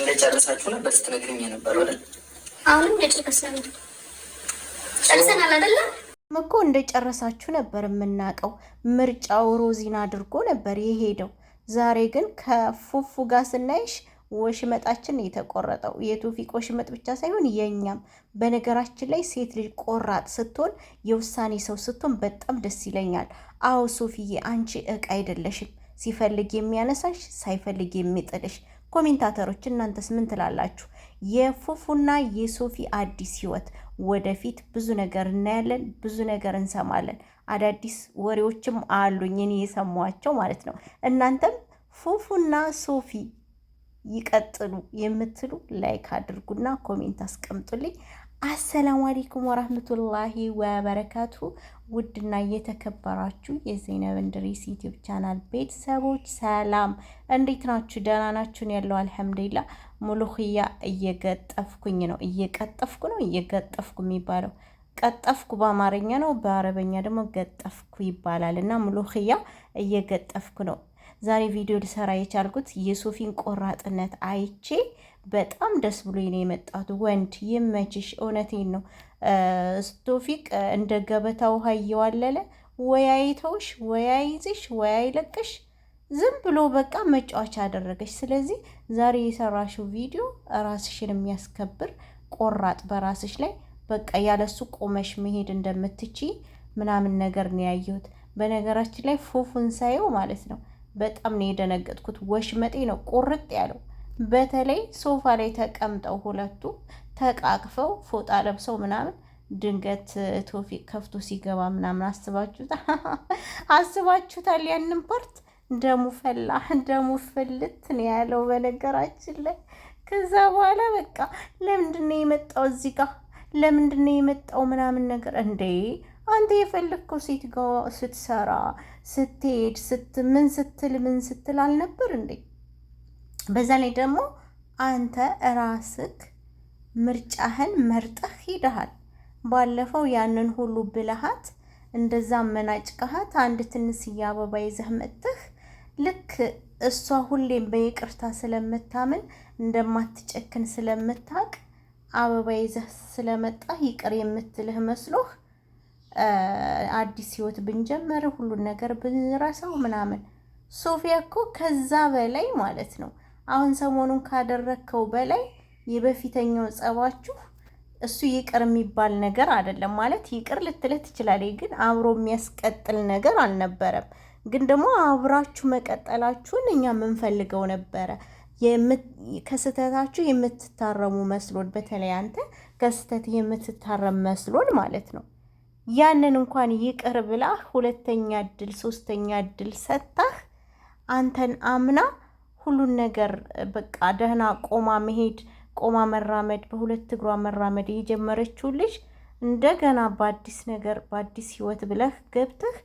እንደጨረሳችሁ ነበር ስትነግሪኝ የነበረው አይደል? አሁንም ጨርሰናል እኮ እንደጨረሳችሁ ነበር የምናውቀው። ምርጫው ሮዚን አድርጎ ነበር የሄደው። ዛሬ ግን ከፉፉ ጋር ስናይሽ ወሽመጣችን የተቆረጠው የቶፊቅ ወሽመጥ ብቻ ሳይሆን የእኛም። በነገራችን ላይ ሴት ልጅ ቆራጥ ስትሆን የውሳኔ ሰው ስትሆን በጣም ደስ ይለኛል። አዎ ሶፊዬ፣ አንቺ እቃ አይደለሽም። ሲፈልግ የሚያነሳሽ ሳይፈልግ የሚጥልሽ ኮሜንታተሮች እናንተስ ምን ትላላችሁ? የፉፉና የሶፊ አዲስ ህይወት ወደፊት ብዙ ነገር እናያለን፣ ብዙ ነገር እንሰማለን። አዳዲስ ወሬዎችም አሉኝ እኔ የሰማኋቸው ማለት ነው። እናንተም ፉፉና ሶፊ ይቀጥሉ የምትሉ ላይክ አድርጉና ኮሜንት አስቀምጡልኝ። አሰላሙ አለይኩም ወራህመቱላሂ ወበረካቱ። ውድና እየተከበራችሁ የዘይነብ እንድሪስ ዩቲዩብ ቻናል ቤተሰቦች ሰላም፣ እንዴት ናችሁ? ደህና ናችሁን? ያለው አልሐምዱሊላ። ሙሉክያ እየገጠፍኩኝ ነው፣ እየቀጠፍኩ ነው። እየገጠፍኩ የሚባለው ቀጠፍኩ በአማርኛ ነው፣ በአረበኛ ደግሞ ገጠፍኩ ይባላል። እና ሙሉክያ እየገጠፍኩ ነው። ዛሬ ቪዲዮ ልሰራ የቻልኩት የሶፊን ቆራጥነት አይቼ በጣም ደስ ብሎ ነው የመጣት። ወንድ ይመችሽ፣ እውነቴን ነው። ስቶፊቅ እንደ ገበታ ውሃ እየዋለለ ወይ አይተውሽ፣ ወይ አይዝሽ፣ ወይ አይለቅሽ። ዝም ብሎ በቃ መጫወቻ አደረገች። ስለዚህ ዛሬ የሰራሽው ቪዲዮ ራስሽን የሚያስከብር ቆራጥ፣ በራስሽ ላይ በቃ ያለሱ ቆመሽ መሄድ እንደምትችይ ምናምን ነገር ነው ያየሁት። በነገራችን ላይ ፉፉን ሳየው ማለት ነው በጣም ነው የደነገጥኩት። ወሽመጤ ነው ቁርጥ ያለው በተለይ ሶፋ ላይ ተቀምጠው ሁለቱ ተቃቅፈው ፎጣ ለብሰው ምናምን ድንገት ቶፊቅ ከፍቶ ሲገባ ምናምን አስባችሁታል አስባችሁታል ያንን ፓርት ደሙ ፈላ ደሙ ፍልት ነው ያለው በነገራችን ላይ ከዛ በኋላ በቃ ለምንድነው የመጣው እዚህ ጋር ለምንድነው የመጣው ምናምን ነገር እንዴ አንተ የፈለግከው ሴት ጋር ስትሰራ ስትሄድ ስት ምን ስትል ምን ስትል አልነበር እንዴ በዛ ላይ ደግሞ አንተ ራስክ ምርጫህን መርጠህ ሂደሃል። ባለፈው ያንን ሁሉ ብልሃት እንደዛ መናጭቀሃት አንድ ትንሽዬ አበባ ይዘህ መጥተህ ልክ እሷ ሁሌም በይቅርታ ስለምታምን እንደማትጨክን ስለምታቅ አበባ ይዘህ ስለመጣህ ይቅር የምትልህ መስሎህ አዲስ ህይወት ብንጀምር ሁሉን ነገር ብንረሳው ምናምን ሶፊያ እኮ ከዛ በላይ ማለት ነው አሁን ሰሞኑን ካደረግከው በላይ የበፊተኛው ጸባችሁ እሱ ይቅር የሚባል ነገር አይደለም። ማለት ይቅር ልትልህ ትችላለች፣ ግን አብሮ የሚያስቀጥል ነገር አልነበረም። ግን ደግሞ አብራችሁ መቀጠላችሁን እኛ የምንፈልገው ነበረ። ከስህተታችሁ የምትታረሙ መስሎን፣ በተለይ አንተ ከስህተት የምትታረም መስሎን ማለት ነው። ያንን እንኳን ይቅር ብላ ሁለተኛ እድል ሶስተኛ እድል ሰጣህ አንተን አምና ሁሉን ነገር በቃ ደህና ቆማ መሄድ፣ ቆማ መራመድ፣ በሁለት እግሯ መራመድ የጀመረችው ልጅ እንደገና በአዲስ ነገር በአዲስ ህይወት ብለህ ገብተህ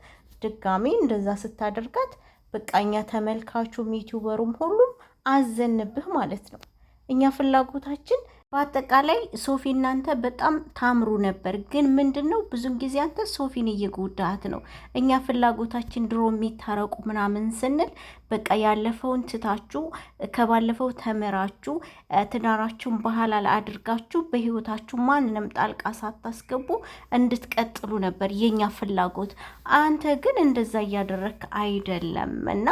ድጋሚ እንደዛ ስታደርጋት በቃ እኛ ተመልካቹም ዩቲዩበሩም ሁሉም አዘንብህ ማለት ነው። እኛ ፍላጎታችን በአጠቃላይ ሶፊ እናንተ በጣም ታምሩ ነበር። ግን ምንድን ነው ብዙን ጊዜ አንተ ሶፊን እየጎዳሃት ነው። እኛ ፍላጎታችን ድሮ የሚታረቁ ምናምን ስንል በቃ ያለፈውን ትታችሁ ከባለፈው ተምራችሁ ትዳራችሁን ባህላል አድርጋችሁ በህይወታችሁ ማንንም ጣልቃ ሳታስገቡ እንድትቀጥሉ ነበር የኛ ፍላጎት። አንተ ግን እንደዛ እያደረክ አይደለም እና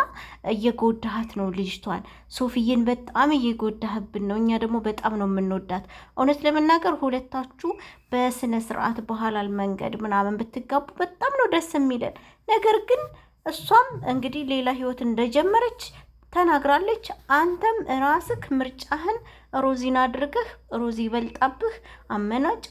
እየጎዳሃት ነው ልጅቷን። ሶፊዬን በጣም እየጎዳህብን ነው። እኛ ደግሞ በጣም ነው የምንወደ የምወዳት። እውነት ለመናገር ሁለታችሁ በስነ ስርዓት ባህላል መንገድ ምናምን ብትጋቡ በጣም ነው ደስ የሚለን። ነገር ግን እሷም እንግዲህ ሌላ ህይወት እንደጀመረች ተናግራለች። አንተም ራስክ ምርጫህን ሮዚን አድርገህ ሮዚ ይበልጣብህ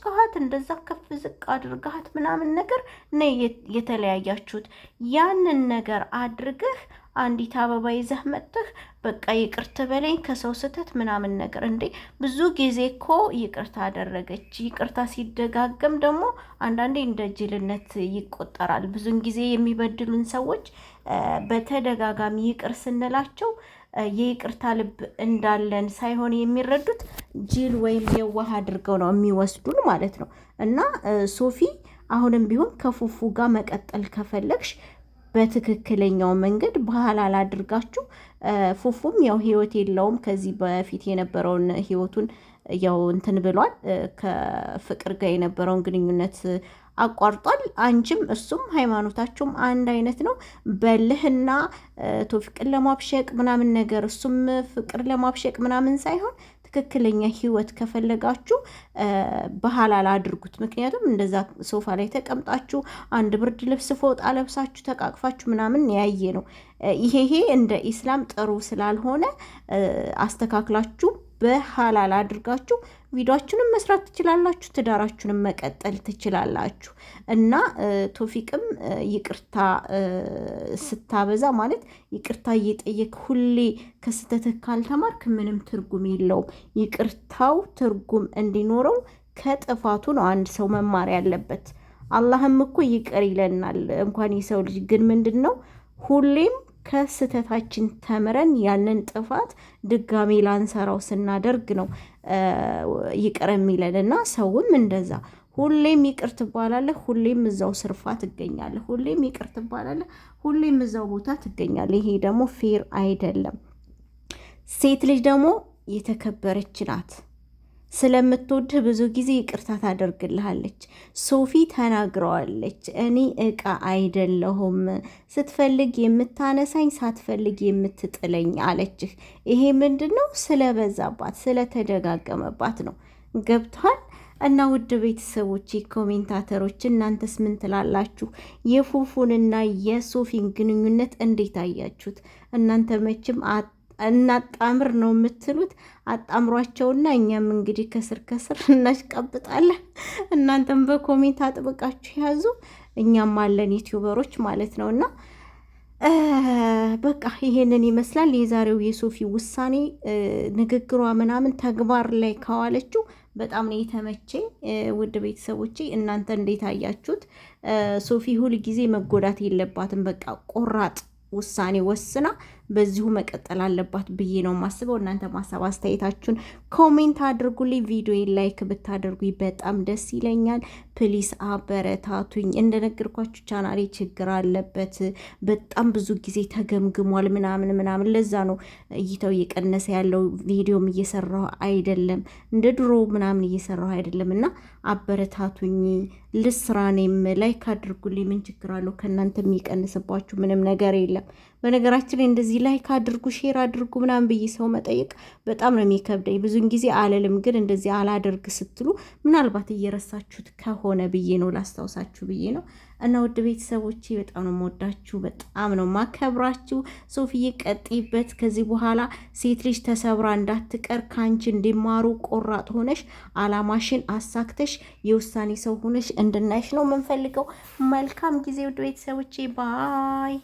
ከሀት እንደዛ ከፍ ዝቅ አድርገሃት ምናምን ነገር ነ የተለያያችሁት። ያንን ነገር አድርገህ አንዲት አበባ ይዘህ መጥተህ በቃ ይቅርት በለኝ ከሰው ስህተት ምናምን ነገር እንዴ! ብዙ ጊዜ እኮ ይቅርታ አደረገች። ይቅርታ ሲደጋገም ደግሞ አንዳንዴ እንደ ጅልነት ይቆጠራል። ብዙን ጊዜ የሚበድሉን ሰዎች በተደጋጋሚ ይቅር ስንላቸው የይቅርታ ልብ እንዳለን ሳይሆን የሚረዱት ጅል ወይም የዋህ አድርገው ነው የሚወስዱን ማለት ነው። እና ሶፊ አሁንም ቢሆን ከፉፉ ጋር መቀጠል ከፈለግሽ በትክክለኛው መንገድ ባህል አላድርጋችሁ ፉፉም ያው ህይወት የለውም ከዚህ በፊት የነበረውን ህይወቱን ያው እንትን ብሏል። ከፍቅር ጋር የነበረውን ግንኙነት አቋርጧል። አንቺም እሱም ሃይማኖታቸውም አንድ አይነት ነው። በልህና ቶፊቅን ለማብሸቅ ምናምን ነገር እሱም ፍቅር ለማብሸቅ ምናምን ሳይሆን ትክክለኛ ህይወት ከፈለጋችሁ በሐላል አድርጉት። ምክንያቱም እንደዛ ሶፋ ላይ ተቀምጣችሁ አንድ ብርድ ልብስ ፎጣ ለብሳችሁ ተቃቅፋችሁ ምናምን ያየ ነው። ይሄ እንደ ኢስላም ጥሩ ስላልሆነ አስተካክላችሁ በሀላል አድርጋችሁ ቪዲዮችንም መስራት ትችላላችሁ፣ ትዳራችሁንም መቀጠል ትችላላችሁ። እና ቶፊቅም ይቅርታ ስታበዛ ማለት ይቅርታ እየጠየቅ ሁሌ ከስተትህ ካልተማርክ ምንም ትርጉም የለውም። ይቅርታው ትርጉም እንዲኖረው ከጥፋቱ ነው አንድ ሰው መማር ያለበት። አላህም እኮ ይቅር ይለናል እንኳን የሰው ልጅ ግን ምንድን ነው ሁሌም ከስህተታችን ተምረን ያንን ጥፋት ድጋሜ ላንሰራው ስናደርግ ነው ይቅር የሚለን እና ሰውም እንደዛ ሁሌም ይቅር ትባላለህ፣ ሁሌም እዛው ስርፋ ትገኛለህ፣ ሁሌም ይቅር ትባላለህ፣ ሁሌም እዛው ቦታ ትገኛለህ። ይሄ ደግሞ ፌር አይደለም። ሴት ልጅ ደግሞ የተከበረች ናት። ስለምትወድህ ብዙ ጊዜ ይቅርታ ታደርግልሃለች። ሶፊ ተናግረዋለች። እኔ እቃ አይደለሁም፣ ስትፈልግ የምታነሳኝ፣ ሳትፈልግ የምትጥለኝ አለችህ። ይሄ ምንድን ነው? ስለበዛባት ስለተደጋገመባት ነው። ገብቷል። እና ውድ ቤተሰቦች ኮሜንታተሮች፣ እናንተስ ምን ትላላችሁ? የፉፉንና የሶፊን ግንኙነት እንዴት አያችሁት? እናንተ መቼም እናጣምር ነው የምትሉት። አጣምሯቸውና እኛም እንግዲህ ከስር ከስር እናሽቀብጣለን። እናንተም በኮሜንት አጥብቃችሁ ያዙ፣ እኛም አለን ዩቲዩበሮች ማለት ነው። እና በቃ ይሄንን ይመስላል የዛሬው የሶፊ ውሳኔ። ንግግሯ ምናምን ተግባር ላይ ከዋለችው በጣም ነው የተመቼ። ውድ ቤተሰቦቼ እናንተ እንዴት አያችሁት? ሶፊ ሁል ጊዜ መጎዳት የለባትም። በቃ ቆራጥ ውሳኔ ወስና በዚሁ መቀጠል አለባት ብዬ ነው የማስበው። እናንተ ማሰብ አስተያየታችሁን ኮሜንት አድርጉልኝ። ቪዲዮ ላይክ ብታደርጉኝ በጣም ደስ ይለኛል። ፕሊስ አበረታቱኝ። እንደነገርኳችሁ ቻናሌ ችግር አለበት። በጣም ብዙ ጊዜ ተገምግሟል ምናምን ምናምን። ለዛ ነው እይታው እየቀነሰ ያለው። ቪዲዮም እየሰራሁ አይደለም እንደ ድሮ ምናምን እየሰራሁ አይደለም እና አበረታቱኝ። ልስራ እኔም ላይክ አድርጉልኝ። ምን ችግር አለው? ከእናንተ የሚቀንስባችሁ ምንም ነገር የለም። በነገራችን ላይ እንደዚህ ላይክ አድርጉ፣ ሼር አድርጉ ምናምን ብዬ ሰው መጠየቅ በጣም ነው የሚከብደኝ። ብዙን ጊዜ አለልም፣ ግን እንደዚህ አላደርግ ስትሉ ምናልባት እየረሳችሁት ከሆነ ብዬ ነው ላስታውሳችሁ ብዬ ነው። እና ውድ ቤተሰቦቼ በጣም ነው የምወዳችሁ፣ በጣም ነው ማከብራችሁ። ሶፍዬ ቀጥይበት። ከዚህ በኋላ ሴት ልጅ ተሰብራ እንዳትቀር ከአንቺ እንዲማሩ ቆራጥ ሆነሽ አላማሽን አሳክተሽ የውሳኔ ሰው ሆነሽ እንድናይሽ ነው የምንፈልገው። መልካም ጊዜ ውድ ቤተሰቦቼ ባይ